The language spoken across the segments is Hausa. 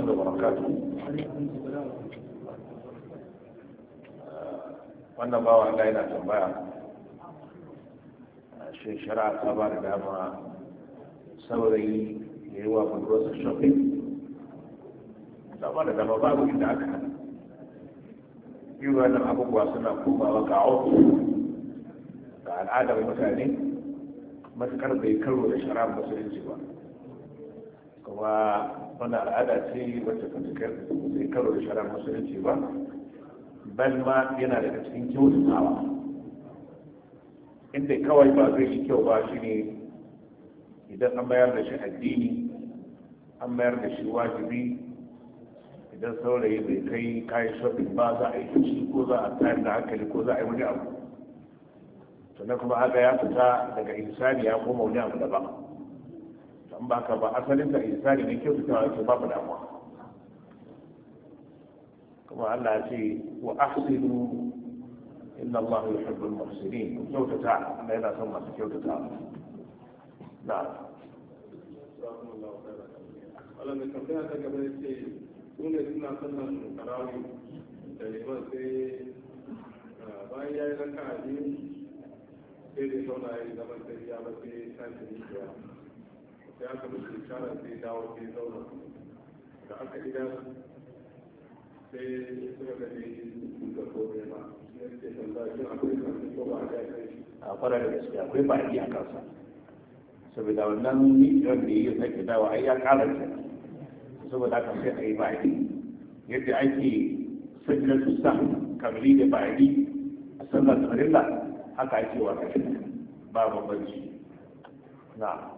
الله وبركاته wannan bawa Allah yana tambaya shi shara, ta ba da dama saurayi ya yi wa budurwarsa shopping ta ba da dama babu inda aka hana yi wannan abubuwa suna kuma komawa ga auku ga al'adar mutane matukar bai karo da shari'ar musulunci ba kuma wani al'ada ce wacce kan karo da shara musulunci ba bal ma yana daga cikin kyautatawa inda kawai ba zai yi kyau ba shi ne idan an mayar da shi addini an mayar da shi wajibi idan saurayi bai kai kayan shopping ba za a yi shi ko za a tayar da hankali ko za a yi wani abu sannan kuma haka ya fita daga insani ya koma wani abu daban in ba ka ba asalin da isari ne kyautatawa yake babu damuwa kuma Allah ce wa ahsinu inna Allah yuhibbul muhsinin ku kyautata Allah yana son masu kyautatawa na Allah mai tambaya ta gaba ce su ne suna sannan karawi da liman sai bayan ya yi raka a biyu sai da ya zauna ya yi zaman sai ya ba sai ya tashi ne sai aka musu ishara sai dawo sai zauna da aka gida sai suka gani da kome ba a kwara da gaske akwai ba a kansa saboda wannan da yi sake dawa saboda haka sai a yi ba yadda ake sanya su sa kamri da ba a sallar da haka ake wa ba bambanci na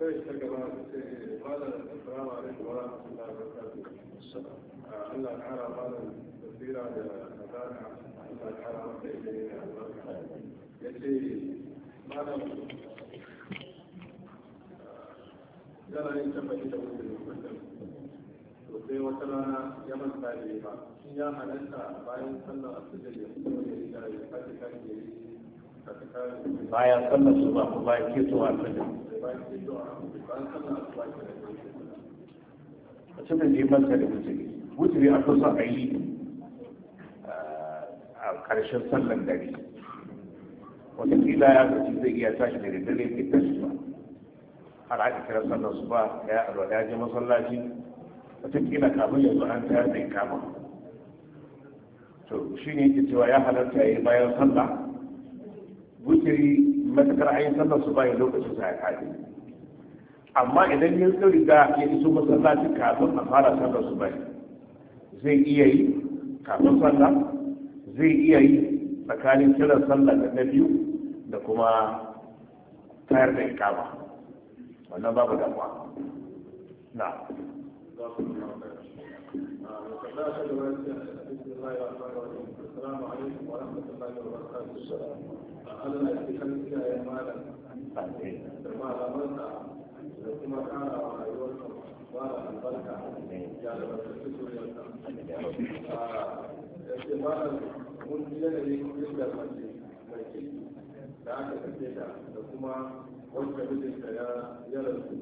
tambayar ta gaba da ce malam assalamu alaikum wa rahmatullahi wa barakatuh Allah ya kara malam basira da sadaka Allah ya kara masa ilimi da albarka yace malam yana yin tabbaci da wani mutum to sai wata rana ya manta da ba in ya halatta bayan sallar asibiti ya fito da ya fadi kan gari bayan sallar su ba kuma bayan ketowa fajr a cikin neman da da wuturi wuturi a kusa a yi eh, a ƙarshen sallan dare wataƙila ya zaci zai iya tashi daga dare ke tashi ba har aka kira sallar su ba ya alwada ya je masallaci wataƙila kamun yanzu an tayar da kama to shi ne ke cewa ya halarta ya yi bayan sallah wuturi matakar ayin sannan su bayan lokacin sa ya kaji amma idan ya da ya iso masallaci kafin a fara sannan su bayan zai iya yi kafin sannan zai iya yi tsakanin kiran sallah da na biyu da kuma tayar da ikama wannan babu damuwa na السلام عليكم ورحمة الله وبركاته Allah ya kan kiyaye malam da malamansa da kuma kara wa rayuwarsa ba da albarka ya da wasu kusuriyarsa. Ya ce malam mun ji yanayin kirgar mace mai ciki da aka kace ta da kuma wanda mijinta ya rasu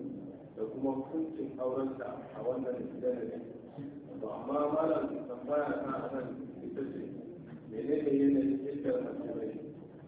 da kuma kuncin aurenta a wannan yanayin. Ba amma malam tambaya ta a nan ita ce menene yanayin kirgar mace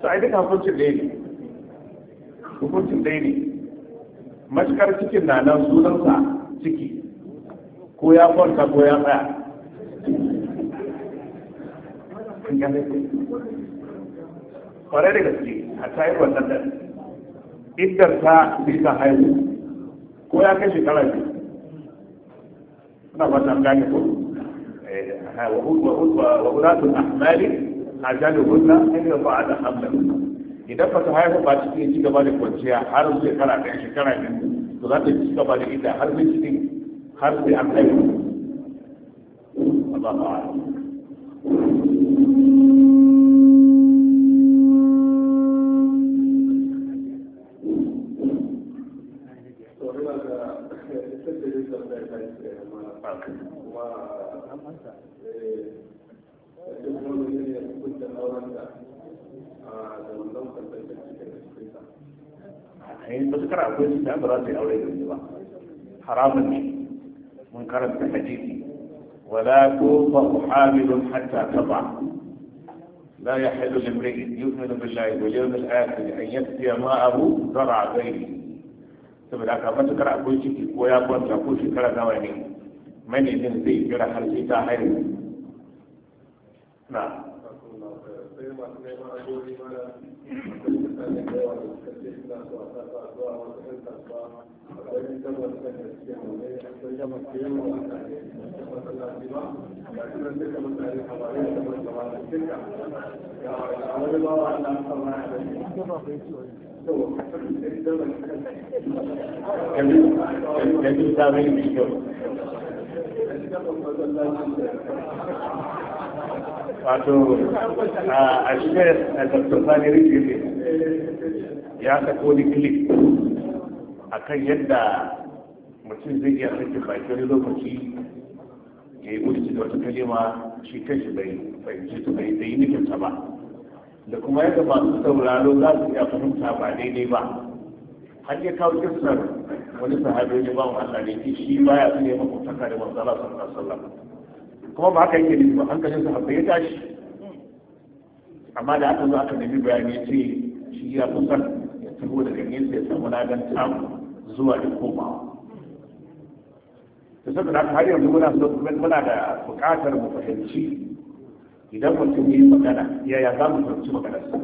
su ai hukuncin ɗaya ne hukuncin ɗaya ne matuƙar cikin na nan sunansa ciki ko ya kwanta ko ya tsaya kwarai da gaske a tayar wannan da iddar ta bisa haihu ko ya kai shekara biyu suna fata gane ko wa ulatun ahmali ajaluhunna inda ba da hamdan idan ba ta haifa ba cikin ci gaba da kwanciya har shekara ɗaya shekara biyu to za ta ci gaba da ita har sai cikin har sai an haifa Thank you. shekara akwai su da ba za su yi aure da wani ba haramun ne mun karanta hadisi wala tufa hamilun hatta taba لا يحل لامرئ يؤمن بالله واليوم الاخر ان يسقي ماءه زرع غيره saboda haka matukar akwai ciki ko ya kwanta ko shekara nawa ne manajin zai jira har sai ta haihu na sai masu neman abubuwa akwai gabar da gaske a a ya sako ni clip akan yadda mutum zai iya sakin baki wani lokaci ya yi wuce da wata kalima shi kanshi bai fahimci su bai yi nufinta ba da kuma yadda masu sauraro za su iya fahimta ba daidai ba har ya kawo kisar wani sahabi ne ba mu Allah ne shi ya su ne makwabtaka da manzo Allah sallallahu alaihi wasallam kuma ba haka yake ne ba hankalin sahabbai ya tashi amma da aka zo aka nemi bayani ya ce shi ya kusan ya taho daga nesa ya samu ladan tamu zuwa da komawa da saboda haka har yanzu muna muna da buƙatar mu fahimci idan mutum yi magana yaya za mu fahimci maganarsa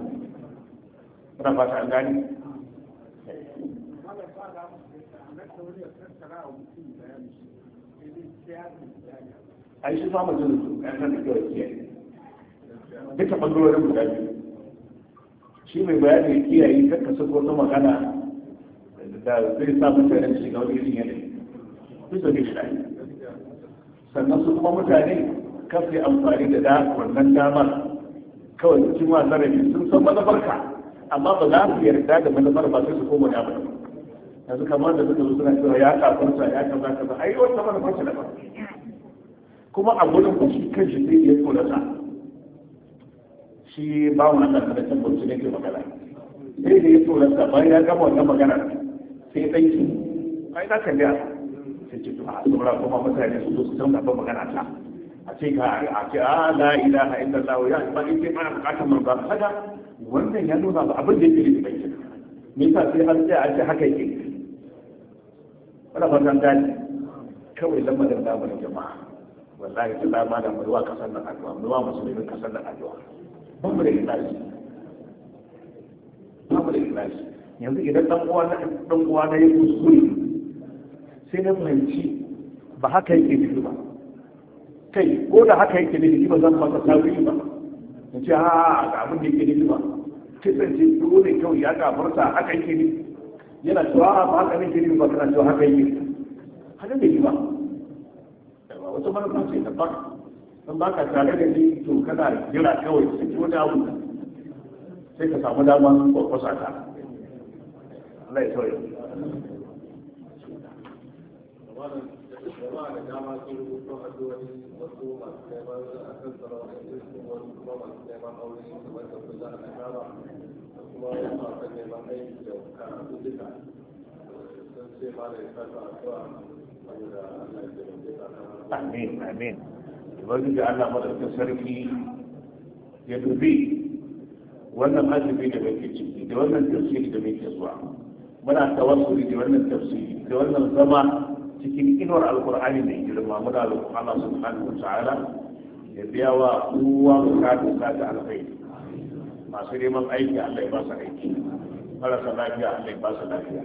muna ba an gani a shi samun jinin su ƙasar da kyau kiyaye duka ɓangarorin guda biyu shi mai bayani kiyaye kakka sako ta magana da zai sa mutane shiga wani irin yanayi bisa ga shi sannan su kuma mutane kafin amfani da da wannan damar kawai cikin wasan zarafi sun san manufarka amma ba za su yarda da manufar ba sai su koma da ba yanzu kamar da suka zo suna cewa ya kafin sa ya kaza kaza ai wata manufar ce da ba kuma a gurin ku shi kan shi zai iya ya sa. shi ba mu nan da can bauchi ne ke magana sai da ya sa bayan ya gama wannan magana sai ɗan su za ka biya sai ce a saura kuma mutane su su san babban magana ta a ce ka a ce a ah, la ya ba bukatar haka wannan ya nuna ba abin da yake da bai sai har sai a ce haka yake wala ba san dani kawai da jama'a wallahi ta da kasar kasar ba mu da ba mu da yanzu idan dan uwa na dan uwa na yi kuskure sai na fahimci ba haka yake ne ba kai ko da haka yake ne ba zan masa tawili ba in ce ha ga abin da yake ne ba kisan ce dole kyau ya gafarta haka yake ne yana cewa a ba haka yake ne ba kana cewa haka yake haka ne yi ba wata manufa ce ta ba don ba ka tare da ni to kana jira kawai sai wani abu sai ka samu dama ko kusa ta Allah ya da dama aure da Allah amin amin sarki ya dubi wannan da muke ciki da wannan tafsiri da muke zuwa muna tawassuli da wannan tafsiri da wannan zama cikin inuwar alkur'ani mai girma muna roƙon Allah subhanahu wata'ala ya biya wa kowa bukatun ta da alkhairi masu neman aiki Allah ya ba su aiki marasa lafiya Allah ya ba su lafiya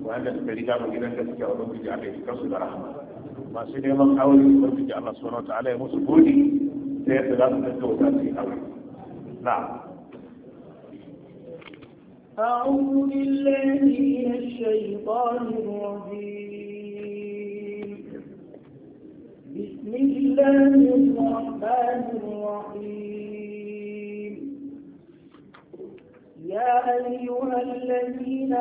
wanda suka riga mu gidan a wa ubangiji Allah ya kasu da rahama masu neman aure Allah subhanahu ya musu ta za su su yi aure na'am أعوذ بالله من الشيطان الرجيم بسم الله الرحمن الرحيم يا أيها الذين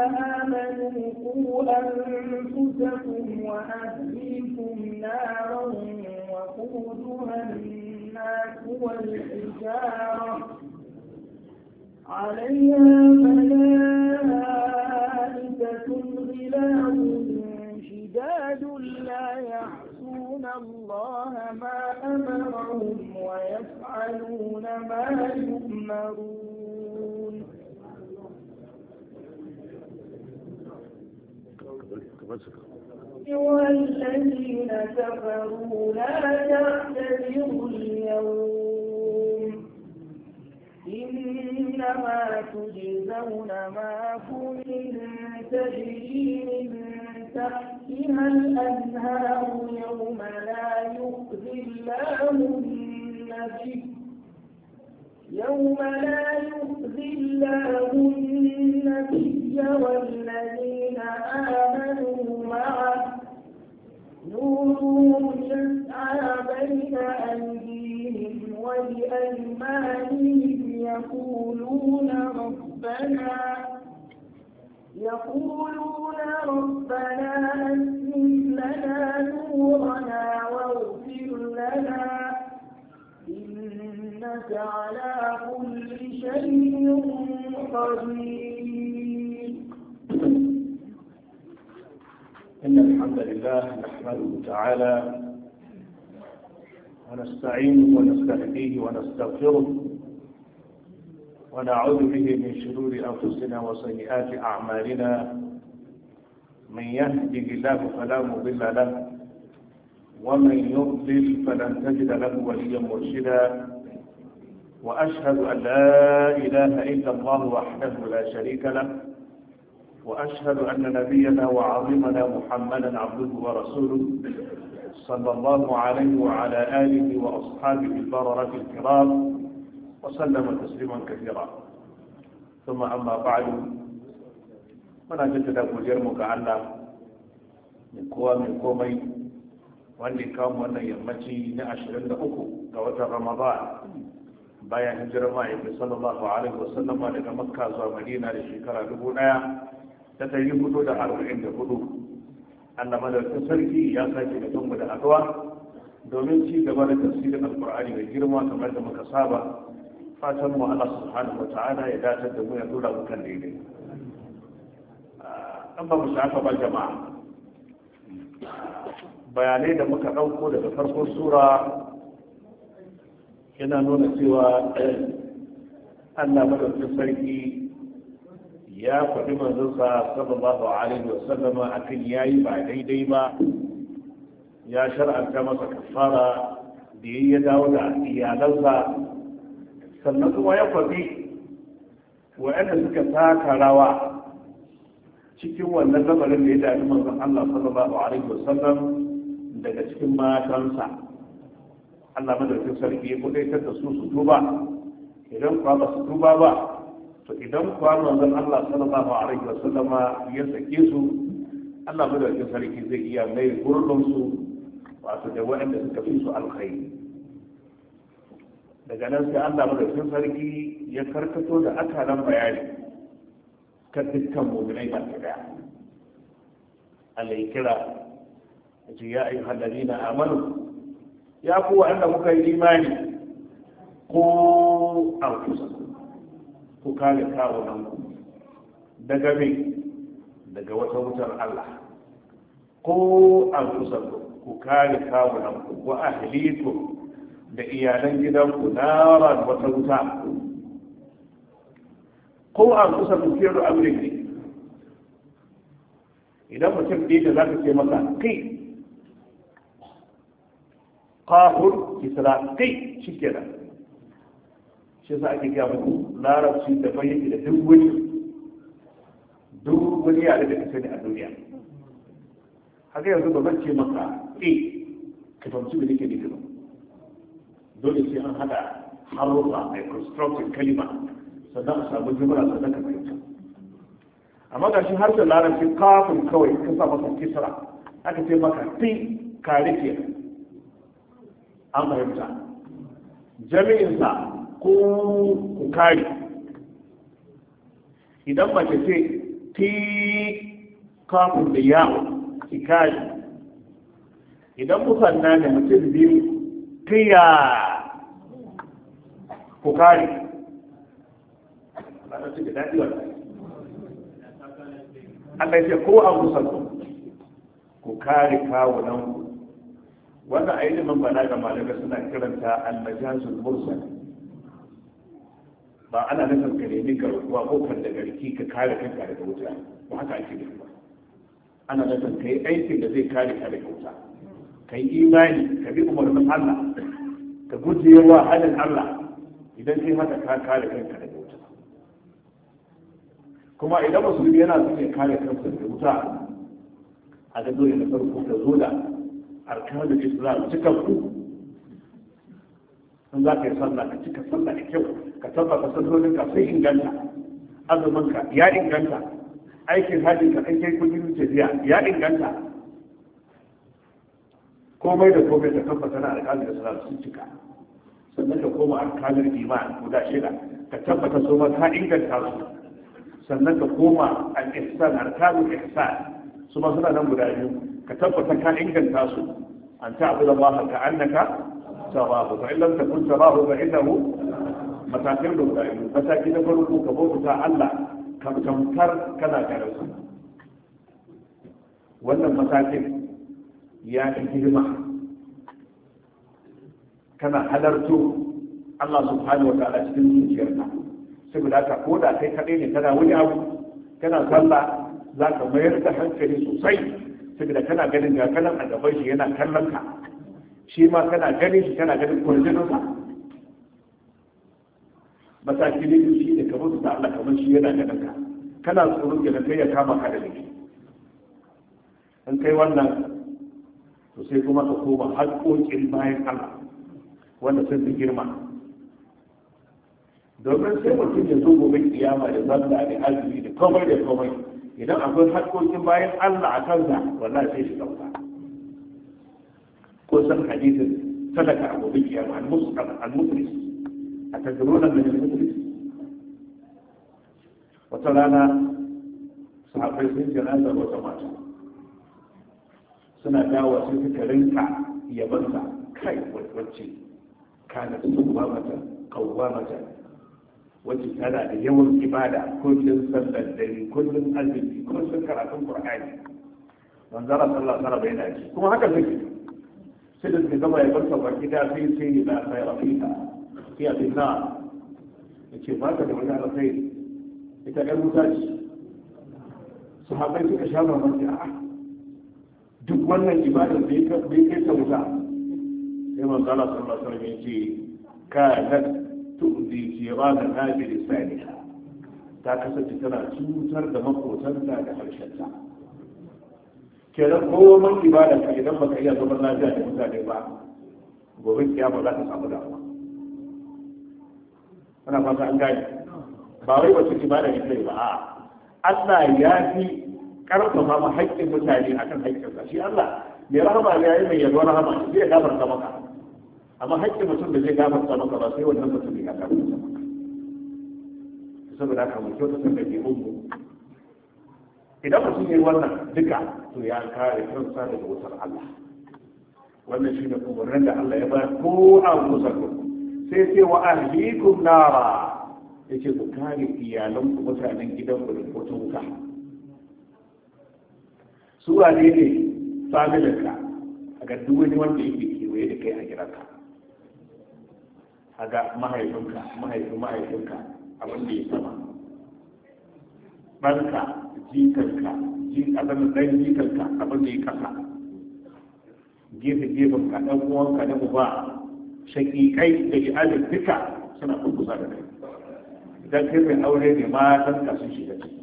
آمنوا قوا أنفسكم وأهليكم نارا وقودها الناس والحجارة عليها ملائكة شداد لا يعصون الله ما أمرهم ويفعلون ما يؤمرون والذين كفروا لا تعتذروا اليوم إنما تجزون ما كنتم تجري من تحتها الأنهار يوم لا يخزي الله النبي يوم لا يخزي الله النبي والذين آمنوا معه نورهم يسعى بين أيديهم وبأيمانهم يقولون ربنا يقولون ربنا أسلم لنا نورنا واغفر لنا إنك على كل شيء قدير إن الحمد لله نحمده تعالى ونستعينه ونستهديه ونستغفره ونعوذ به من شرور أنفسنا وسيئات أعمالنا من يهده الله فلا مضل له ومن يضلل فلن تجد له وليا مرشدا وأشهد أن لا إله إلا الله وحده لا شريك له وأشهد أن نبينا وعظيمنا محمدا عبده ورسوله صلى الله عليه وعلى آله وأصحابه البررة الكرام وسلم تسليما كثيرا ثم أما بعد muna jaddada godiyarmu ga Allah mai kowa mai komai wanda ya kawo wannan yammaci na 23 ga watan Ramadan bayan hijirar ma'aikin sallallahu alaihi wasallam daga Makka zuwa Madina da shekara 1444 Allah madaukakin sarki ya sake da tunmu da addu'a domin ci gaba da tafsirin Alkur'ani mai girma kamar da muka saba fatan mu Allah subhanahu ta'ala ya dace da mu ya dora mu kan daidai an ah, mu shafa ba jama'a bayanai da muka ɗauko daga farkon sura yana nuna cewa Allah madaukakin sarki ya faɗi manzonsa sallallahu alaihi wa sallama akan yayi ba daidai ba ya shar'anta masa kafara da ya dawo da iyalansa sannan kuma ya faɗi wa'anda suka taka rawa cikin wannan lamarin da ya dami manzon Allah sallallahu alaihi wasallam daga cikin matansa Allah madaukin sarki ya kudaitar da su su tuba idan kuwa ba su tuba ba to idan kuwa manzon Allah sallallahu alaihi wasallam ya sake su Allah madaukin sarki zai iya mai gurbin su wato da waɗanda suka fi su alkhairi daga nan sai Allah madaukakin sarki ya karkato da akalan bayani ka dukkan mu'minai ba ta daya Allah ya kira ji ya ayyuhal na amanu ya ku wanda muka yi imani ko kusa ku kare nan ku daga me daga wata wutar Allah ko anfusakum ku kare nan ku wa ahlikum da iyalan gidanku naran wata wuta ko an kusa tafiyar amrin ne idan mutum ɗaya da za ka ce masa kai kahur kisra kai shi kenan shi sa ake gaya muku larabci da bayyaki da duk wani duk wani yare da ka sani a duniya haka yanzu ba zan ce maka e ka fahimci me nake nufi ba dole sai an hada harufa mai constructive kalima sannan a samu jimura sannan ka fahimta amma ga shi harshen larabci kafin kawai ka sa masa kisra aka ce maka fi kare an fahimta jami'insa ko ku kari idan mace ce ti kafin da yawo ki kari idan musanna ne mutum biyu tiya ku kare Allah ya ce ko an musalku ku kare kawunan ku wannan a ilimin bana da malamai suna kiranta almajazul mursal ba ana nufin ka nemi garkuwa ko kan da garki ka kare kanka daga wuta ba haka ake nufi ba ana nufin ka yi aikin da zai kare ka daga wuta ka yi imani ka bi umarnin Allah ka guje wa halin Allah idan kai haka ka kare kanka daga wuta kuma idan musulmi yana son ya kare kansa daga wuta a ga zo da farko ka zo da arkanin islam ku in za ka yi sallah ka cika sallah da kyau ka tabbata ka sai inganta ka, ya inganta aikin hajji ka an kai kudin tafiya ya inganta komai da komai da tabbata na alƙalin da sallah sun cika sannan ka koma an kalar iman ko da shida ka tabbata so ma ka inganta su sannan ka koma al ihsan arkanul ihsan su ma suna nan guda biyu ka tabbata ka inganta su an ta'budu Allah ka annaka tarahu fa illam takun tarahu fa innahu matakin da guda biyu mataki na farko ka bauta Allah ka tamkar kana garin wannan matakin ya fi girma tana halarto Allah subhanahu wa ta'ala cikin zuciyarka saboda ka ko da kai kadai ne tana wani abu kana sallah za ka mayar da hankali sosai saboda kana ganin ga kallon a gaban shi yana kallon ka shi ma kana ganin shi kana ganin kwarjinansa mataki ne shi ne kamar su ta Allah kamar shi yana ganin ka kana tsoron ya kai ya kama ka da shi in kai wannan to sai kuma ka koma haƙoƙin bayan Allah wanda sun fi girma domin sai mutum ya zo gobe kiyama da zalla da azumi da komai da komai idan akwai haƙoƙin bayan Allah a kansa wallahi sai shi dauka ko san hadisin sadaka a gobe kiyama al-muslim a tajrona min al-muslim wata rana sahabbai sun janaza wata mata suna dawo sai suka rinka yabanta kai wacce كانت قوامة قوامة وتسألها اليوم الكبادة كل سنة الدين كل قلب كل سنة كرة القرآن وانظر صلى الله عليه وسلم كما هكا في الفكرة سيدنا في الضوء يقول صلى الله عليه في سيدة لا خير فيها فيها في النار الكبادة لما جاء الخير إذا كان مزاج صحابي في أشهر من الجراحة دقوانا الكبادة بيكا بيكا sai manzo Allah sallallahu alaihi wasallam yace kanat da jirana hadi lisaniha ta kasance tana cutar da makotanta da harshenta kenan kowa ba ibada ka idan baka iya zaman lafiya da mutane ba gobe kiyama za ka samu damuwa ana fata an gane ba wai wacce ibada ne kai ba a'a Allah ya fi karfafa mu haƙƙin mutane akan haƙƙinsa shi Allah mai rahama ne yayi mai yalwar rahama zai gabar da maka amma haƙƙin mutum da zai gafarta maka ba sai wannan mutum ya gafarta maka saboda haka mu kyautata ɗabi'un mu idan mutum ya wannan duka to ya kare kansa daga wutar Allah wannan shi ne umarnin da Allah ya bayar ko a ku. sai ce wa ahlikum nara ce ku kare iyalan ku mutanen gidan ku da kotun wuta su wane ne familinka a ga duk wani wanda yake kewaye da kai a gidanka haga mahaifinka mahaifin mahaifinka a wanda ya sama barka jikarka jin abin da ɗan jikarka abin ya kasa gefe gefen ka ɗan uwanka na uba shakikai da iyalin duka suna kurkusa da kai idan ke mai aure ne matan ka sun shiga ciki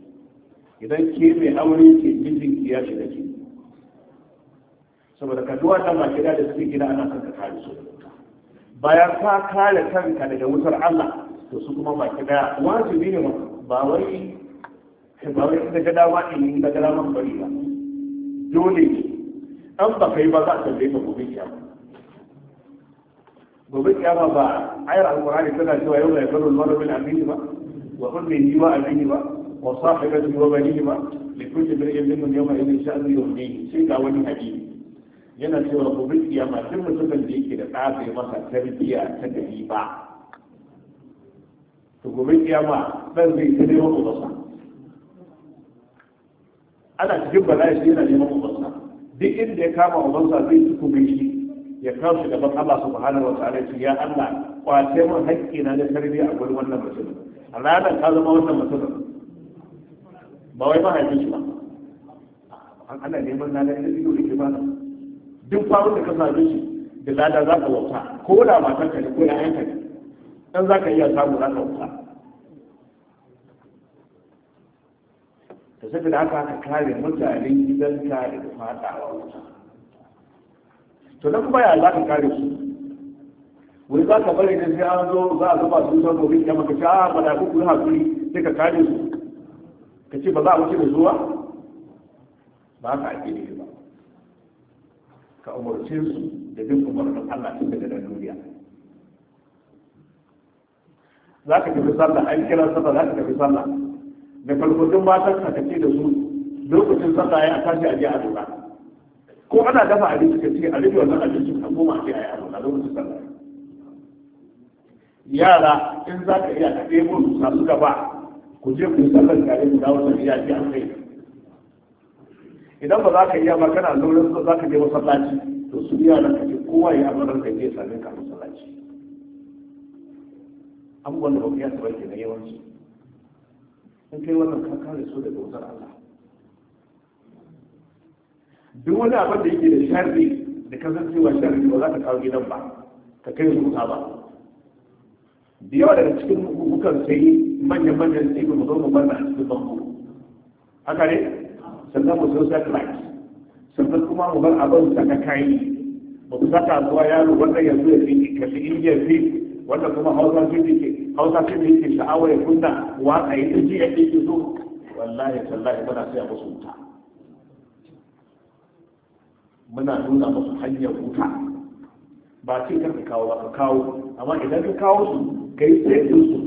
idan ke mai aure ke mijinki ya shiga ciki saboda ka duwa ta ma gida da suke gida ana son ka kare su da bayan ka kare kanka daga wutar Allah to su kuma ba baki daya wajibi ne ba wai ba wai da ga dama in da ga dama bari ba dole ne an ba kai ba za ka tambaye ka gobe kiyama gobe kiyama ba ayar alqur'ani tana cewa yau ya karu al-mar'u min amini ba wa ummihi wa abihi ba wa sahibatihi wa banihi ba likulli mar'in minhum yawma idhin sha'nu yughnihi sai ga wani hadisi yana cewa gobe kiyama duk mutumin da yake da ɗa masa tarbiya ta gari ba to gobe kiyama dan zai ta neman ubansa ana cikin bala'i shi yana neman ubansa duk inda ya kama ubansa zai ci kuma shi ya kawo shi gaban Allah subhanahu wa ta'ala shi ya Allah kwace mun haƙƙi na na tarbiya a gurin wannan mutumin a ranar ka zama wannan mutumin ba wai haifin shi ba ana neman na na ido da ke ba duk faru da ka same shi da lada za ka wauta ko da matarka ne ko da yanka ne dan za ka iya samu za ka wauta da aka haka ka kare ka da daga fadawa wuta to na kuma ya za ka kare su wani za ka bari da sai an zo za a zuba su san gobe ya maka ta ah, ba da kuku hakuri sai ka kare su ka ce ba za a wuce da zuwa ba ka ake ne ka umarce su da bin umarnin Allah tun daga nan duniya za ka tafi sallah an kira sallah za ka tafi sallah da farkotun matan ka kace da su lokacin sallah ya tashi a je a lura ko ana dafa abinci ka ce a rufe wannan abincin ka koma a je a yi a lura lokacin sallah yara in za ka iya ka ɗebo su ba, gaba ku je ku yi sallar tare ku dawo da iyaye a kai idan ba za ka iya ba kana lura su za ka je masallaci to su biya nan kake kowa ya amaran ka je sami ka masallaci abubuwan da ba ku ya saba ke na yawanci in kai wannan ka kare su daga wutar Allah duk wani abin da yake da sharri da kasancewa sharri ba za ka kawo gidan ba ka kai su ba da daga cikin hukukan sai manyan manyan sai mu zo mu bar a cikin bango haka ne sannan mu zo satellite sannan kuma mu bar abin da ka ba mu saka zuwa yaro wannan yanzu ya fi kashi indiya fi wanda kuma hausa fi ke hausa fi ke sha'awa ya kunna waka ya ji ya ke zo wallahi tallahi muna sai musu wuta muna nuna musu hanyar wuta ba ce kar ka kawo ba ka kawo amma idan ka kawo su ka yi sai su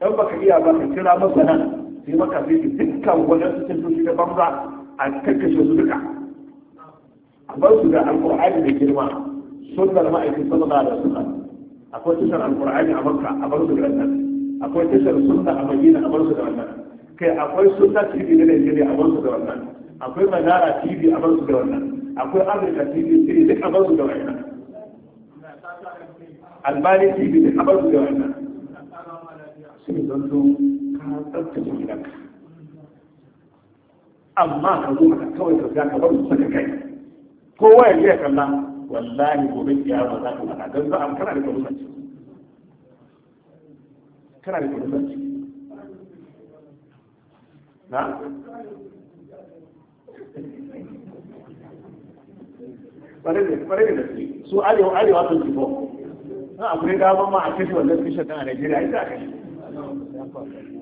dan baka iya ba ka kira masana sai maka zai dukkan waɗansu tattoshi da banza a kakashe su duka a bar su da alƙur'ani da girma sunnar ma'aikin da da wasallam akwai tushen alƙur'ani a makka a bar su da wannan akwai tashar sunna a madina a bar su da wannan kai akwai sunna tv na nigeria a bar su da wannan akwai manara tv a bar su da wannan akwai amurka tv sai duk a bar su da wannan albani tv duk a bar su da wannan sai zanto ka tsabtace gidanka amma ka zo maka kawai ka ga ka bar su saka kai kowa ya je kalla wallahi gobe kiyama za ka maka dan za a kana da kamusanci kana da kamusanci na ne kwarai da gaske su arewa arewa sun jifo na akwai gaban ma a kashe wannan kishin a Najeriya ita a kashe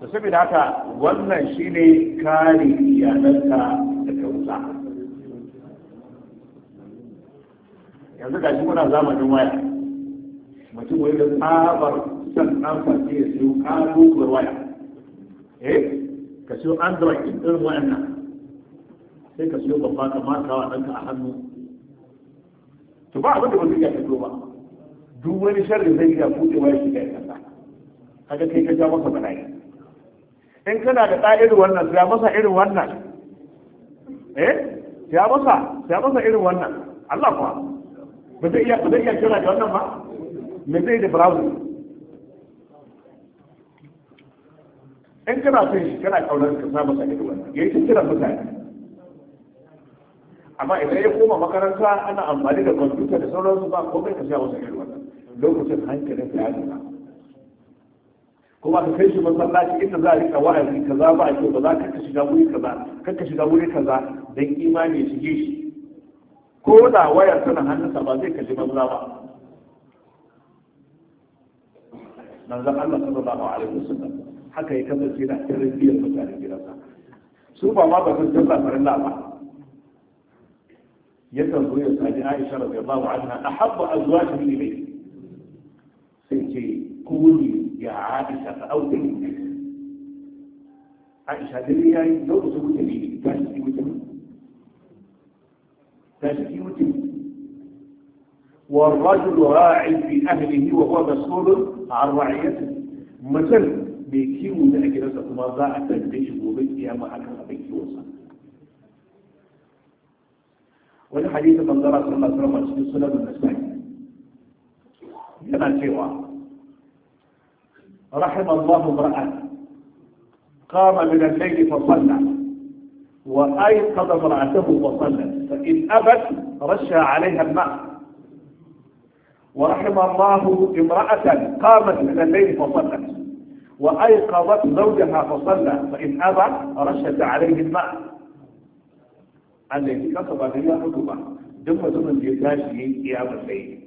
to saboda haka wannan shi ne kare iyalanka daga wuta yanzu ga shi muna zamanin waya mutum wani da tsabar san ɗan fasi ya siyo kuwar waya eh ka siyo android ɗin irin wayannan sai ka siyo babba ka wa ɗanka a hannu to ba abin da ba zai fito ba duk wani sharri zai iya waya shi shiga ya kasa kaga kai ka ja maka bala'i in kana da ɗa irin wannan ya masa irin wannan eh ya masa ya masa irin wannan Allah kuwa ba zai iya ba zai iya kira da wannan ba me zai da browser in kana son shi kana kaunar ka sa masa irin wannan Ya yi kira mutane amma idan ya koma makaranta ana amfani da kwamfuta da sauransu ba komai ka sa masa irin wannan lokacin hankalin ka ya nuna kuma ka kai shi masallaci inda za a rika wa'azi kaza ba a kyau ba za ka shiga wuri kaza ka shiga wuri kaza dan imani ya shige shi ko da wayar tana hannunsa ba zai kaji banza ba manzon Allah sallallahu alaihi wasallam haka ya kasance da tarbiyyar mutane gidansa su ba ma ba sun jalla farilla ba yakan zo ya sani Aisha radiyallahu anha ahabba azwajihi ilayhi sai ce ku wuri عائشة فأوتي عائشة دنيا يدور زوجة لي تشتي وتم تشتي والرجل راعي في أهله وهو مسؤول عن رعيته مثل بيكيو ده أجلسة كما ضاع التنبيش وبيت أما أكثر بيكي وده والحديث من درس الله صلى الله عليه وسلم النسائي yana cewa رحم الله امرأة قام من الليل فصلى وأيقظ امرأته فصلى فإن أبت رشى عليها الماء ورحم الله امرأة قامت من الليل فصلت وأيقظت زوجها فصلى فإن أبى رشت عليه الماء الذي كتب عليها عقوبة duk من da قيام الليل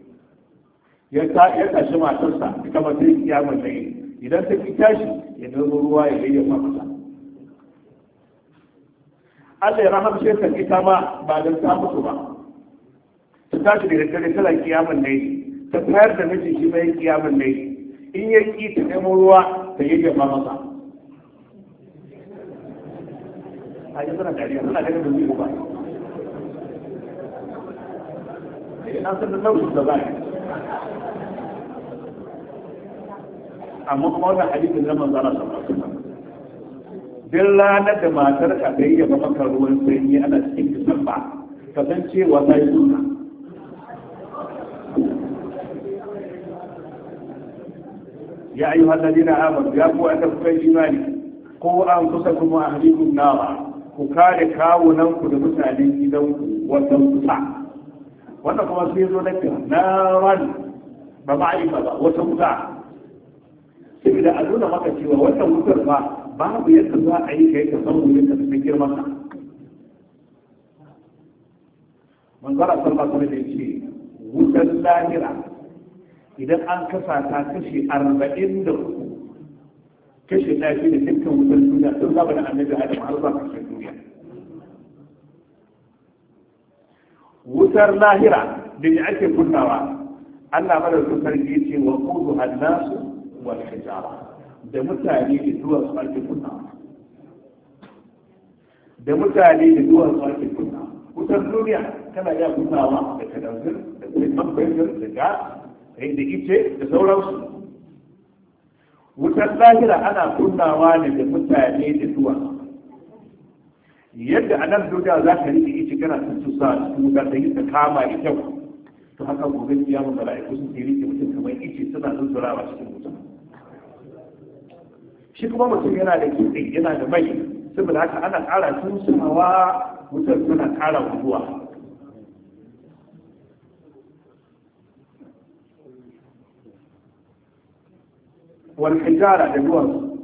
ya مع ترسى كما تريد قيام الليل idan ta ki tashi ya nemo ruwa ya yayyafa mata Allah ya sai ta ita ma ba dan ta mutu ba ta tashi da dare tana kiyaman ne ta tayar da mijin shi bai kiyamun ne in ya ki ta nemo ruwa ta yayyafa masa a yi suna dariya suna ganin da zuwa ba ina eh, sanin nau'in da ba amma kuma wannan hadisin na manzo Allah sallallahu alaihi wasallam duk da matar ka da yaba maka ruwan sanyi ana cikin Disamba ka san cewa ta yi sunna ya ayu alladhina amma ya ku aka kai imani ko an kusa kuma ahlikum nara ku kare kawunan ku da mutanen gidanku wannan kusa wannan kuma sai zo da naran ba ma'ifa ba wata kusa. saboda a nuna maka cewa wannan wutar ba babu yadda za a yi kai ka san wurin ka cikin girman ka manzara sallallahu alaihi wasallam ce wutar lahira idan an kasa ta kashe arba'in da kashe ɗaya shi da dukkan wutar duniya sun zaba da annabi adam har zuwa ƙarshen duniya wutar lahira da ake kunnawa Allah madaukakin sarki ce wa kudu annasu wal da mutane da duwar sarki kunna da mutane da duwar sarki kunna wutar duniya tana iya kunnawa da kadanzir da kuma benzir da gas da ice da sauransu wutar lahira ana kunnawa ne da mutane da zuwa. yadda a nan duniya za ka rike ice kana ta su tuka ta yi ta kama da kyau to haka gobe ya mu mala'iku su ke rike mutum kamar ice suna zuzurawa cikin mutum shi kuma mutum yana da kitse yana da mai saboda haka ana ƙara tusunawa mutum suna ƙara guguwa Wani hijara da duwatsu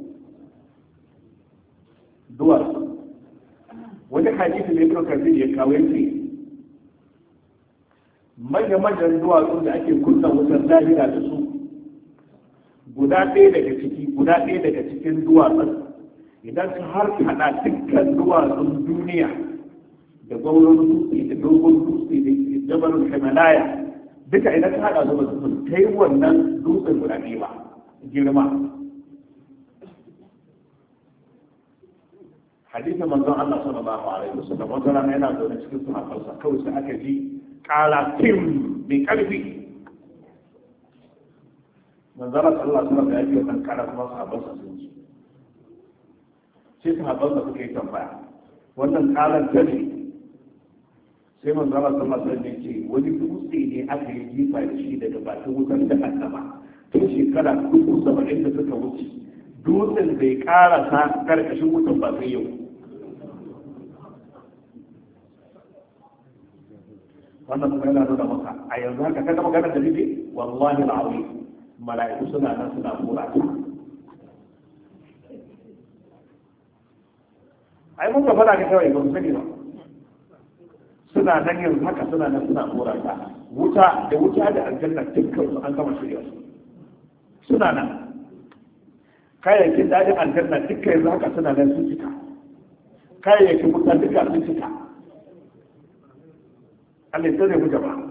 duwatsu wani hadisi ne to kafin ya kawai ce manya-manyan duwatsu da ake kunna wutar lahira da su guda ɗaya daga ciki guda ɗaya daga cikin duwatsun idan ka har kaɗa dukkan duwatsun duniya da gauron dutse da dogon dutse da jabalin kamalaya duka idan ka haɗa zuwa ta kai wannan dutsen guda ɗaya ba girma hadisi manzon Allah sallallahu alaihi wasallam wata rana yana zaune cikin sahabbansa kawai sai aka ji kala tim mai ƙarfi. manzara sallah suna da yake kankara kuma sahabansa sun ji sai sahabansa suka yi tambaya wannan karar ta ne sai manzara sallah sun ce wani dutse ne aka yi jifa shi daga bakin wutar da aka ba tun shekara dubu saba'in da suka wuce dutsen bai karasa karkashin wutan ba sai yau wannan kuma yana nuna maka a yanzu haka kaga magana da bibi wallahi al'azim mala'iku suna nan suna kura ta ai mun fara ka kawai ba mu sani ba suna nan yanzu haka suna nan suna kura ta wuta da wuta da aljanna dukkan su an gama shirya su suna nan kayayyakin dadin aljanna dukkan yanzu haka suna nan sun cika, kayayyakin wuta dukkan sun cika, Allah ya tsare mu jama'a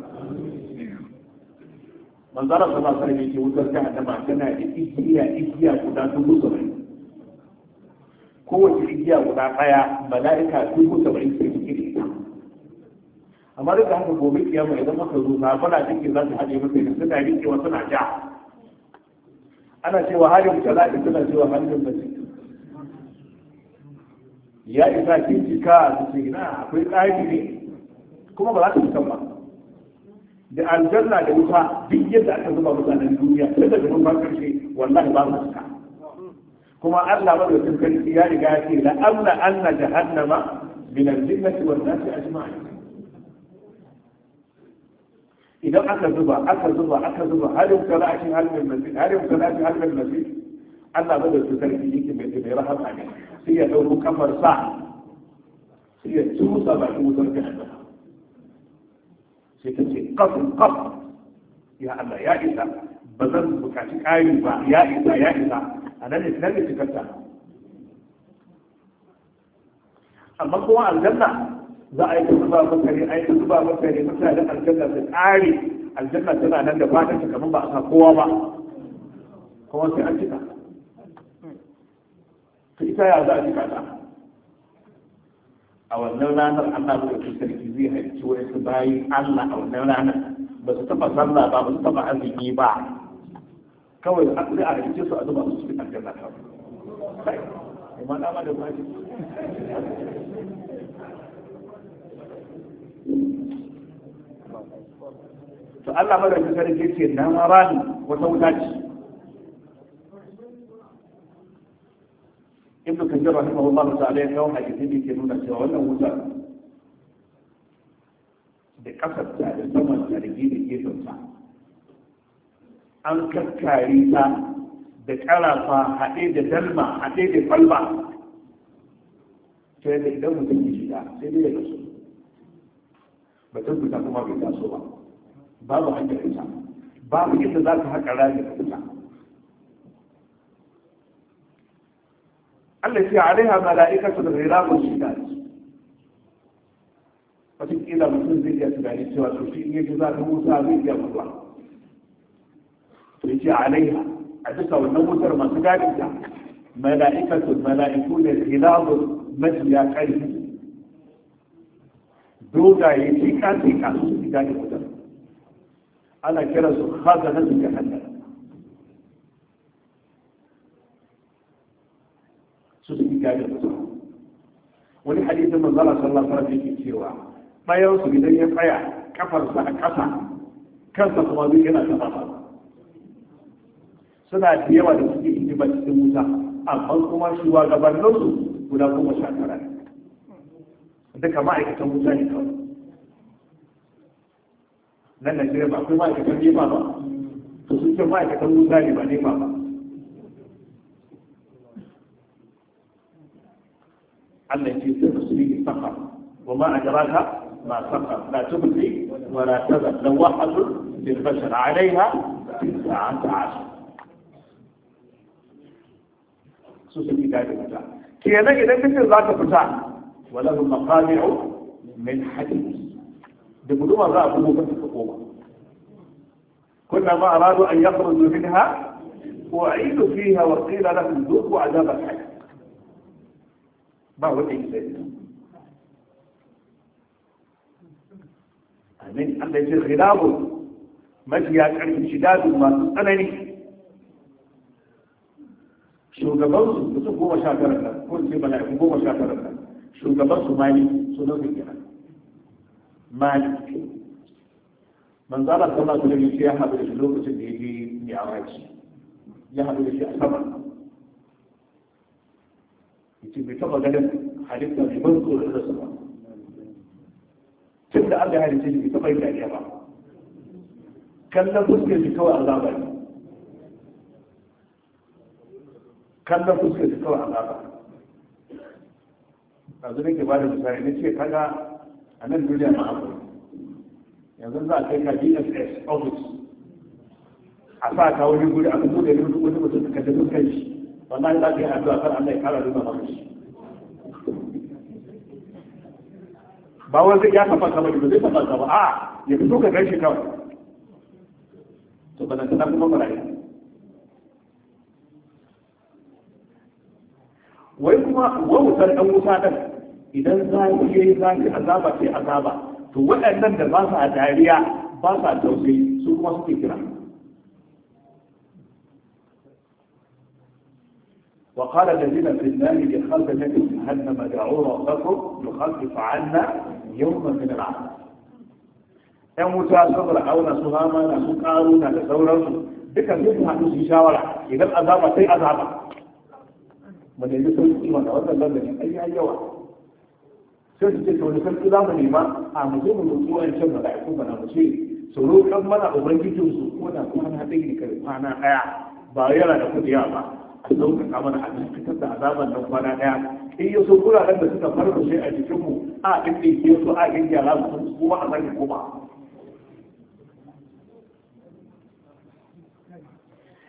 manzara sa ba sarki ce wutar ta da tana da igiya igiya guda dubu saba'in kowace igiya guda daya mala'ika dubu saba'in ke ciki da ita amma duk da haka gobe kiyama idan maka zo na fara cikin za su haɗe maka idan suna cewa suna ja ana cewa kaza talatin suna cewa harin mace ya isa kin cika su ce ina akwai tsari ne kuma ba za su kan ba da aljanna da wuta duk yadda aka zuba mutanen duniya sai da gaban karshe wallahi ba mu suka kuma Allah ba da tsarki ya riga ya ce la amla anna jahannama min al-jinnati wan nasi ajma'in idan aka zuba aka zuba aka zuba har yau kana cikin halin masjid har yau kana cikin halin masjid Allah ba da tsarki yake mai mai rahama ne sai ya dauko kafar sa sai ya tusa bakin wutar jahannama sai ta ce kafin kaf ya Allah ya isa ba zan bukaci ƙari ba ya isa ya isa a nan ne nan ne cikarta amma kuma aljanna za a yi ta zuba makare a yi ta zuba makare mutane aljanna su ƙari aljanna tana nan da fatan ta kamar ba a sa kowa ba kuma sai an cika ta ita ya za a cika ta a wannan ranar Allah ko ki sarki zai wani su bayi Allah a wannan ranar ba su taba sallah ba ba su taba arziki ba kawai a sai a halicce su a zuba su cikin aljanna kawai amma dama da ba to Allah madaukakin sarki ce na rani wata wuta ce ابن كثير رحمه الله تعالى يوم حديثين يكونون سواهن وزا بكفر تعالى زمن نرجين يجيزن سا أنك كاريسا بكالاسا حقيد دلما حقيد قلبا فإذا إدوه تنجيزي دا سيدي يجيزن بتنبتا كما بيتا سوا باب حجر إنسان باب إذا ذاتها كلاجر إنسان التي عليها ملائكة الغلاف والشداد وتكيلا مثل زي يتبعني سوى تشيء يجزاك موسى زي يا الله تجي عليها عدسة والنموسر ما تقالك ملائكة الملائكون الغلاظ مجلى قلبي دوغا يتيكا تيكا سوى تقالك ana kira su haza na suka wani hadisin manzala sallallahu alaihi wasallam cewa bayan su gidan ya tsaya kafarsa a ƙasa kansa kuma duk yana tafafa suna da yawa da suke hidima cikin wuta amma kuma shi wa gabaninsu guda kuma sha tara duka ma'aikatan wuta ne kawai nan Najeriya ba kuma ma'aikatan nema ba to sun ce ma'aikatan wuta ne ba nema ba التي ya ce sai وما suri ما سقط لا تبقي ولا تذر لواحة للبشر عليها تسعة عشر سوسة بداية متاع كيانا إذا كنت ذاك متاع وله مقامع من حديث دبلوما ذا أبو الحكومة كل ما أرادوا أن يخرجوا منها أعيدوا فيها وقيل لهم ذوقوا عذاب الحياة ما هو الإنسان أمين الله يجي الغلاب ما جي يجعل الشداد وما تسألني شو قبل سبب هو مشاكل الله كل شيء بلا هو مشاكل الله شو قبل سبب مالي سنو في الجهة مالي من ظلت الله تلقي فيها بلسلوك سديدي يا رجل يا رجل يا رجل yace bai taba ganin halitta mai ban tsoro da su ba tun da Allah ya halitta shi bai taba yin dariya ba kallon fuskar shi kawai azaba ne kallon fuskar shi kawai azaba yanzu nake ba da misali na ce kaga a nan duniya ma abu yanzu za a kai ka DSS office a sa ka wani guri a kuma da wani mutum ka da dukkan shi wallahi za ka yi addu'a kan Allah ya kara riba maka shi ba wai zai ya kafa ka ba zai kafa ka a ya fito ka gaishe kawai to ba ta kuma barayi wai kuma wautar ɗan wuta ɗan idan za ya yi zafi azaba ce azaba to waɗannan da ba sa dariya ba sa tausayi su kuma suke kira وقال الذين في النار لخلفنا جهنم دعوا ربكم يخفف عنا يوما من العذاب ‘yan wuta saboda auna su hama na su karuna da sauransu duka sun haɗu su shawara idan azaba sai azaba mu nemi sauki mana wannan lamarin ai ya yawa sai su ce to da sarki za mu nema a mu zo mu roƙi wa'ancan mala'iku bana mu ce su roƙan mana ubangijinsu ko da kwana ɗaya ne kai kwana ɗaya ba yana da kudiya ba Allah ka kama da hannun fitar da azaban nan kwana daya in yi sun guraren da suka farko shi a jikinmu a ɗin ke su a ɗin gyara su kuma a zaki kuma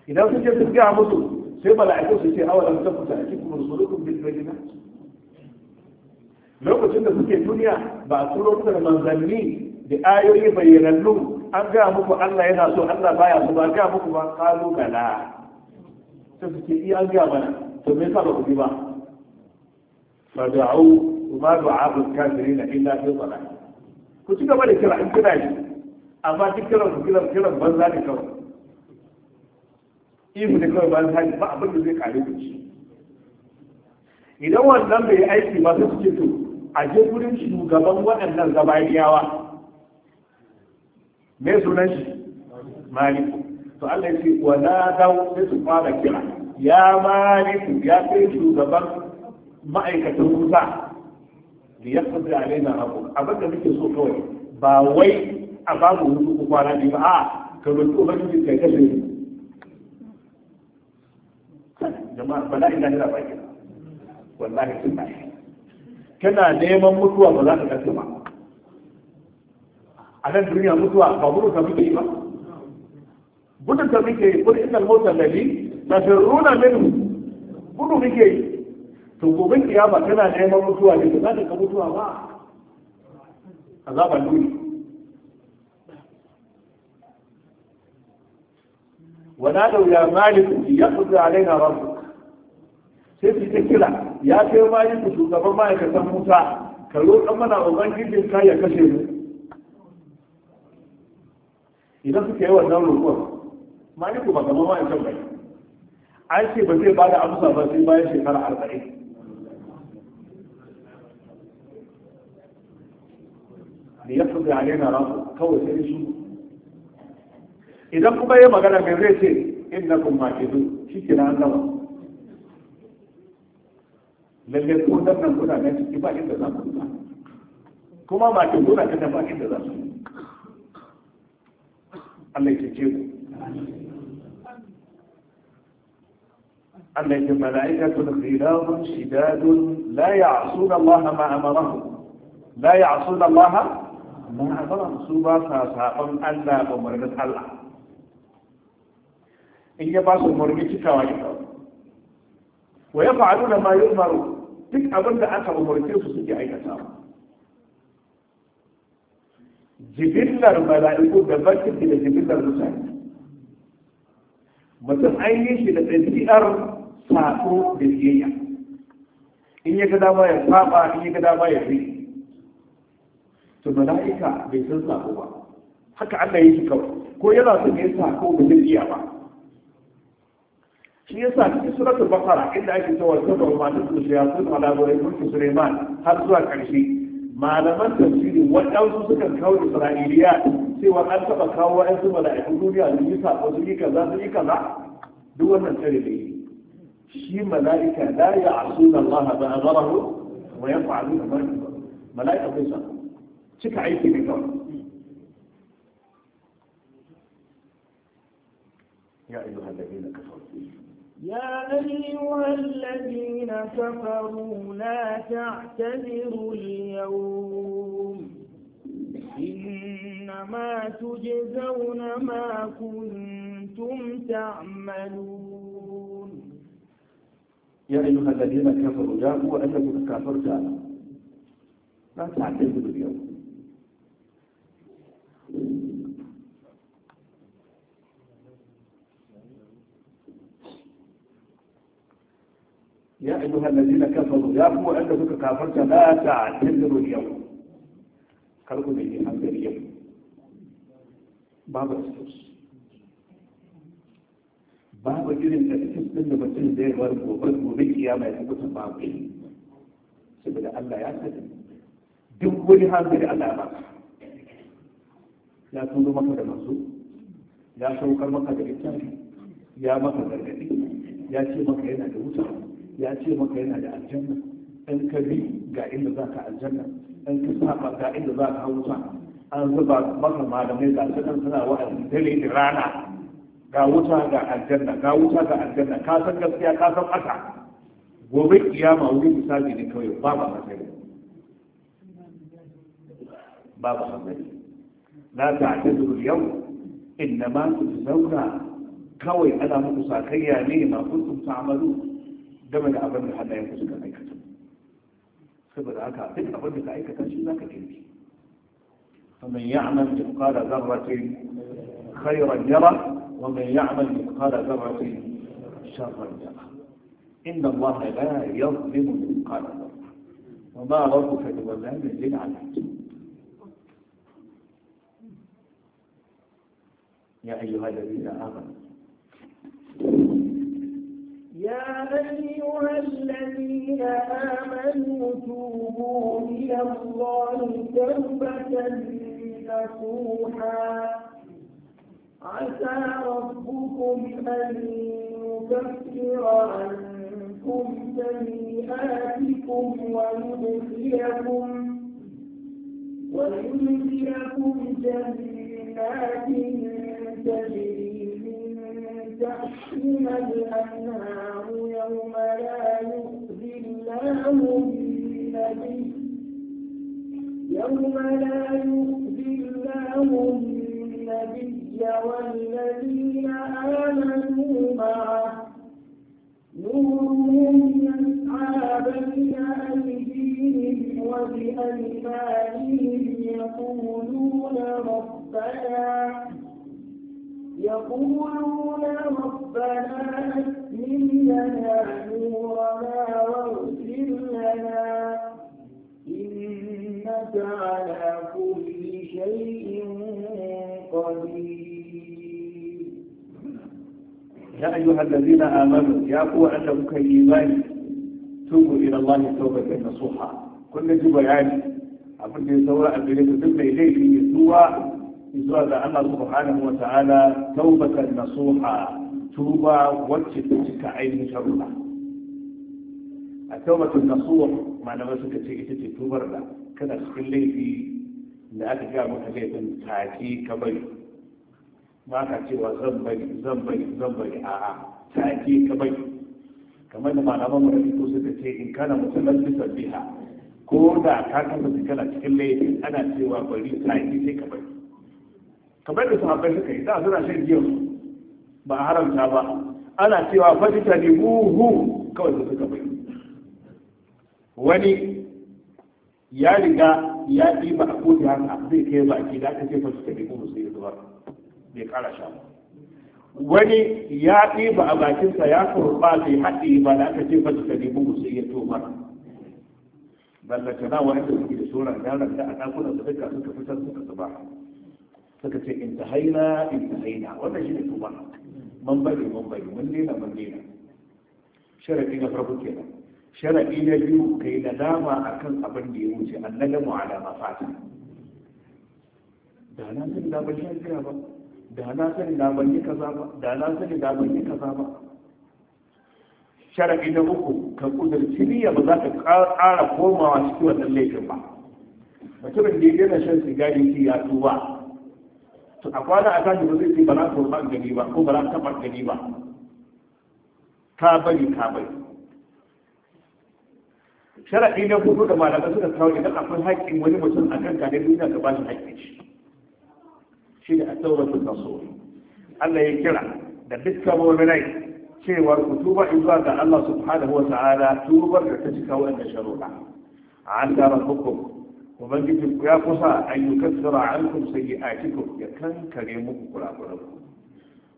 idan suke je sun gaya musu sai mala'iku su ce awalan tabbata a cikin rusulukum bil bayyinat lokacin da suke duniya ba a turo kusa da manzanni da ayoyi bayyanannu an gaya muku Allah yana so Allah baya su ba gaya muku ba kalu bala sai su ce iya eh, an gaya mana to me yasa ba ku bi ba fa da'u ma du'a bil kafirin illa fi dhalal ku ci gaba da kira in kira shi amma duk kiran ku kiran kiran banza ne kawai ihu da kawai banza ne ba abin da zai kare ku ci idan wannan bai aiki ba sai su ce to a je gurin shugaban waɗannan gabaɗiyawa me sunan shi maliku to Allah ya ce wa na dau sai su fara kira ya maliku ya kai shugaban ma'aikatan musa da ya a alaina abu abin da muke so kawai ba wai a babu hutu ko kwana biyu ba a ka roki ubangiji kai kashe ni jama'a bala'i na jira baki wallahi sun kana neman mutuwa ba za ka kashe ba a nan duniya mutuwa ba gudu ka mutu ba gudun ta muke yi kudin inda mota lalli na firruna minu gudu muke yi to gobe kiyama tana neman mutuwa ne ba za ta ka mutuwa ba A azaban duniya ونادوا يا مالك ليقضي علينا ربك sai su ta kira ya kai bayan shugaban ma'aikatan musa ka roƙa mana ubangijin ka ya kashe mu idan suka yi wannan roƙon maliku ba kamar wancan bai an ce ba zai ba da amsa ba sai bayan shekara arba'in da ya fi zane na rafu kawai sai su idan kuma ya magana mai zai ce in na ma ke zo shi ke na gaba lalle ko nan nan kuna nan ki ba inda za ku ba kuma ma ke gona ta ba inda za su Allah ya ce ku أن ملائكة غلاظ شداد لا يعصون الله ما أمرهم لا يعصون الله ما أمرهم سوى ساساقم ألا أمرنا الله إن يباس أمرنا كتاوائك ويفعلون ما يؤمرون تك abin da aka umarce su suke جبل الملائكة mala'iku إلى جبل الرسالة jibillar mutane mutum an yi sako da biyayya in ya gada ba ya saba in ya gada ba ya fi to mala'ika bai san sako ba haka Allah ya yi kawai ko yana son ya sako da zai iya ba shi yasa cikin suratul baqara inda ake cewa sabon masu duk su ya sun ala gurin mulki Suleiman har zuwa karshe malaman tafsiri waɗansu sukan kawo isra'iliya cewa an taɓa kawo wa'ansu mala'ikun duniya su yi saƙo su yi kaza su yi kaza duk wannan tare da yi في ملائكة لا يعصون الله بأمره ويفعلون ما يريد ملائكة ليس شك عيسى بك يا أيها الذين كفروا يا أيها الذين كفروا لا تعتذروا اليوم إنما تجزون ما كنتم تعملون يا أيها الذين كفروا جاءوا أيها الكافر جاء لا تعتذروا اليوم يا أيها الذين كفروا جاءوا أيها الكافر جاء لا تعتذروا اليوم كلكم يجي حمد اليوم بعض الأسلوب babu irin ƙarfin ɗin da mutum zai bar gobe gobe kiyama ya kusan babu yi saboda Allah ya sani duk wani hankali da Allah ba ya tuno maka da masu ya saukar maka da littafi ya maka gargaɗi ya ce maka yana da wuta ya ce maka yana da aljanna ɗan ka bi ga inda za ka aljanna ɗan ka saba ga inda za ka wuta an zuba maka malamai ga su suna wa'azi dare da rana ga wuta ga aljanna ga wuta ga aljanna ka san gaskiya ka san ƙasa gobe kiyama wuri misali ne kawai ba ba hasari ba ba hasari la ta'tadiru al-yawm innama tujzauna kawai ana muku sakayya ne ma kuntum ta'malu game da abin da Allah ya kusa ka aikata saboda haka duk abin da ka aikata shi zaka kirki faman ya'mal mithqala dharratin khayran yara ومن يعمل مثقال ذرة شرا يره إن الله لا يظلم مثقال ذرة وما ربك بظلام للعبيد يا أيها الذين آمنوا يا أيها الذين آمنوا توبوا إلى الله توبة نصوحا عسى ربكم أن يكفر عنكم سيئاتكم ويدخلكم ويدخلكم جنات تجري من تحتها الأنهار يوم لا يخزي الله النبي يوم لا يخزي الله النبي والذين آمنوا معه نورهم يسعى بين أيديهم وبأيمانهم يقولون ربنا يقولون ربنا أسلم لنا نورنا واغفر لنا إنك على كل شيء قدير يا أيها الذين آمنوا يا قوة أنكم كيمان توبوا إلى الله توبة نصوحا كنا جب يعني abin da ya saura a gare duk mai laifi ya zuwa zuwa ga Allah subhanahu wa ta'ala taubatan nasuha tuba wacce ta cika ainihin sharuɗa a taubatun malamai suka ce ita ce tubar da laifi da aka gaya maka laifin take ka bari ba ka cewa zan bari zan bari zan bari a take ka bari kamar da malaman mu rafi ko suka ce in kana musulman bisa biha ko da ka su kana cikin laifin ana cewa bari tafi sai ka bari kamar da sahabbai suka yi da suna shan giya ba a haramta ba ana cewa ta ne hu, kawai su suka bari. wani ya riga ya ɗiba a ko da zai kai baki da aka ce fasu ta ɗiba musu ya zubar bai ƙara sha wani ya ɗiba a bakinsa ya kurɓa bai haɗe ba da aka ce fasu ta ɗiba musu ya na ballantana wanda suke da shoran daren da a ɗakunan su duka suka fitar suka zuba suka ce in ta haina in ta haina wannan shi ne tuba man bari man bari mun daina mun daina sharafi na farko kenan sharaɗi na biyu ka yi nadama a kan abin da ya wuce annadamu ala mafata da na sani na ban shafiya ba da na sani na ban yi kaza ba da na sani na ban yi kaza ba sharaɗi na uku ka kudurci niyya ba za ka ƙara komawa cikin wannan laifin ba mutumin da ya na shan sigari shi ya tuba to a kwana a tashi ba zai ce ba na turban gani ba ko ba na taɓa gani ba ka bari ka bari sharaɗi na hudu da malamai suka kawo idan akwai haƙƙin wani mutum a kan kane duniya ga bashi haƙƙin shi shi da a su nasu Allah ya kira da dukkan mu'minai cewa ku tuba zuwa ga Allah subhanahu wa ta'ala tubar da ta cika wa'anda sharuɗa an tara hukum ubangijin ya kusa an yi kassara an kun a cikin ya kankare muku kurakuran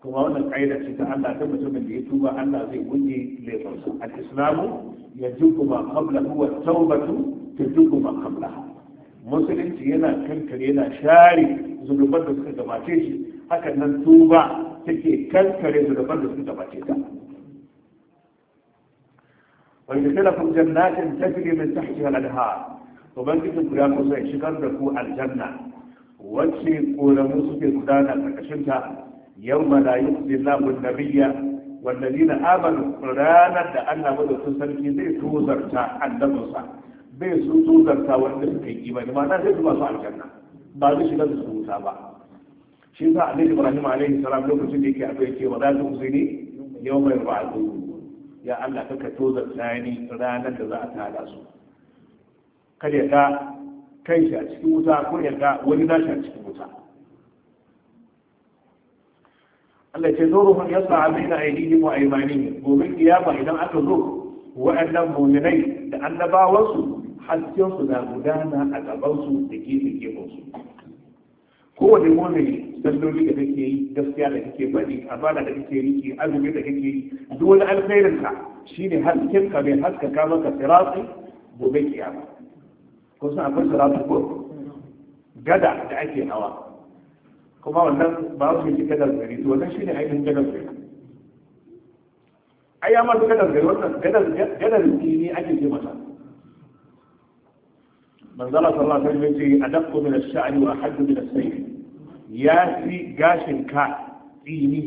kuma wannan ƙa'ida ce ta Allah ta mutumin da ya tuba Allah zai wuce laifinsa islamu yajibu ma qablahu wa tawbatu tajibu ma musulunci yana kankare yana share zunuban da suka gabace shi hakan nan tuba take kankare zunuban da suka gabace ta ويدخلكم جنات تجري من تحتها الانهار ومن كتب قيامكم سيشكركم الجنه وجه قول موسى في قدانا فكشنتها يوم لا يخزي الله النبي والذين آمنوا رانا لأن مدى تسلكي زي توزر تا النبسة bai su tozar ta wanda suka yi imani ma na sai su masu aljanna ba zai shiga su wuta ba shi sa annabi ibrahim alaihi salam lokacin da yake akwai cewa za su usini yau mai ba'du ya Allah kaka tozar ta ni ranar da za a tada su kada ya ga kai shi a cikin wuta ko ya ga wani nashi a cikin wuta Allah ce nuruhum yas'a baina aydihim wa aymanihim gobe kiyama idan aka zo wa'annan mu'minai da annabawansu hasken su na gudana a gaban su da gefe gefen su kowane mu'mini salloli da kake yi gaskiya da kake bari amana da kake riki azumi da kake yi duk wani alkhairin ka shine hasken ka mai haskaka maka sirati gobe kiyama ko sun akwai sirati gada da ake hawa kuma wannan ba su yi gadar gari to wannan shine ainihin gadar gari ai ya masu gadar gari wannan gadar gadar ne ake ce masa manzala sallallahu alaihi wasallam ce adaqu min ash-sha'r wa ahaddu min as-sayf ya fi gashin ka tsini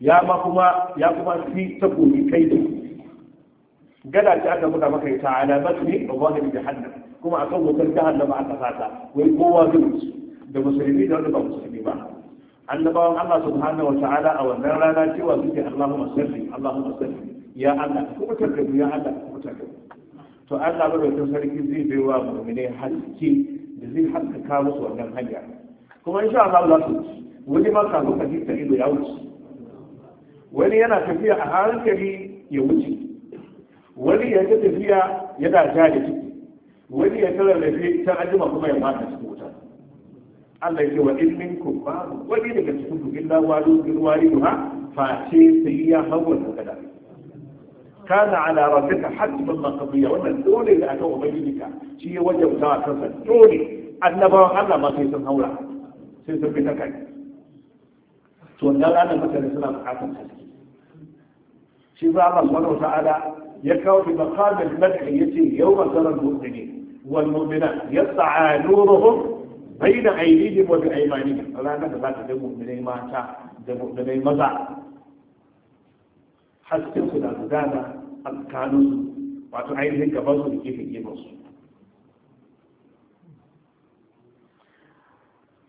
ya ma kuma ya kuma fi takobi kai gada ce aka buga maka ita alamat ne a wani jahannam kuma akan wutar jahannama a kasata, wai kowa zai wuce da musulmi da wanda ba musulmi ba annabawan Allah subhanahu wa ta'ala a wannan rana cewa suke Allahumma salli Allahumma salli ya Allah ku mutar da ya Allah ku mutar da to Allah madaukakin sarki zai bai wa mu'mini haske da zai haskaka musu wannan hanya kuma insha Allah za su wani ma kafin ka ta ido ya wuce wani yana tafiya a hankali ya wuce wani ya ga tafiya yana ja da ciki wani ya tara shi ta ajima kuma ya mata cikin Allah ya ce wa in minkum babu wani daga cikin ku illa walu bil waliduha fa ce sai ya hawo da kada kana ala rabbika hatman maqdiya wannan dole da ne akan ubangijinka shi ya wajen wajabta kansa dole annabawan Allah ma sai sun haura sai sun bi ta kai to wannan ranar mutane suna bukatar haske shi za Allah subhanahu wata'ala ya kawo bi maqamil mad'i yace yawma taral mu'minin wal mu'minat yas'a nuruhum baina ainihin wa da aimani rana da za ta da mu'minai mata da mu'minai maza hasken su da gudana a tsakanin su wato ainihin gaban su da kifin gefen su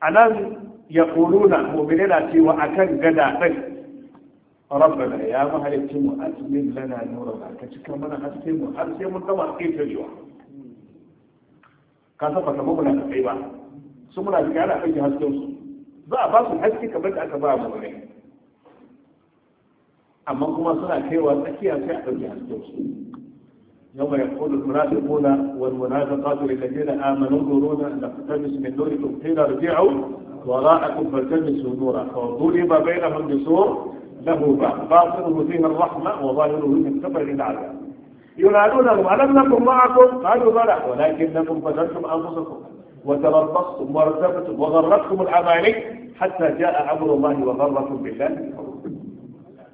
a nan ya ƙuruna mu'minai na cewa a kan gada ɗin rabbana ya mahalicci mu azumin lana nura ba ka cikin mana hasken mu har sai mun gama ƙefirewa ka saba ka mamuna ka kai ba su muna jika ana kan hasken su za a ba su haske kamar da aka ba mu ne amma kuma suna kaiwa tsakiya sai a ɗauki hasken يوم يقول المنافقون والمنافقات للذين آمنوا نورنا نقتبس من نوركم قيل ارجعوا وراءكم فالتمسوا نورا فضرب بينهم بسور له باب باطنه فيه الرحمة وظاهره من قبل العذاب ينادونهم ألم نكن معكم قالوا بلى ولكنكم فتنتم أنفسكم وتربصتم وارتبتم وغرتكم الأماني حتى جاء أمر الله وغركم بالله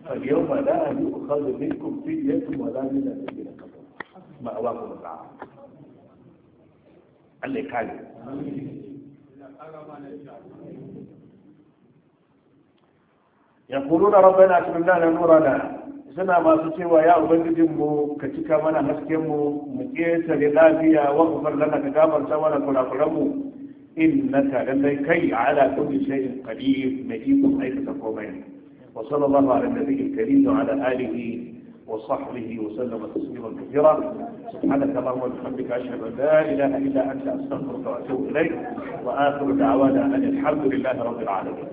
فاليوم لا يؤخذ منكم فدية ولا من الذين كفروا مأواكم النار اللي يكالي يقولون ربنا أتمم لنا نورنا suna masu cewa ya ubangijin mu ka cika mana hasken mu mu ƙetare lafiya wa kufar lana ka gafarta mana kurakuran mu innaka lallai kai ala kulli shay'in qadir mai ikon aikata komai wa sallallahu ala nabiyil karim wa ala alihi wa sahbihi wa sallama tasliman kathira subhanaka allahumma wa bihamdika ashhadu an la ilaha illa anta astaghfiruka wa atubu ilayk wa akhiru da'wana an alhamdulillahi rabbil alamin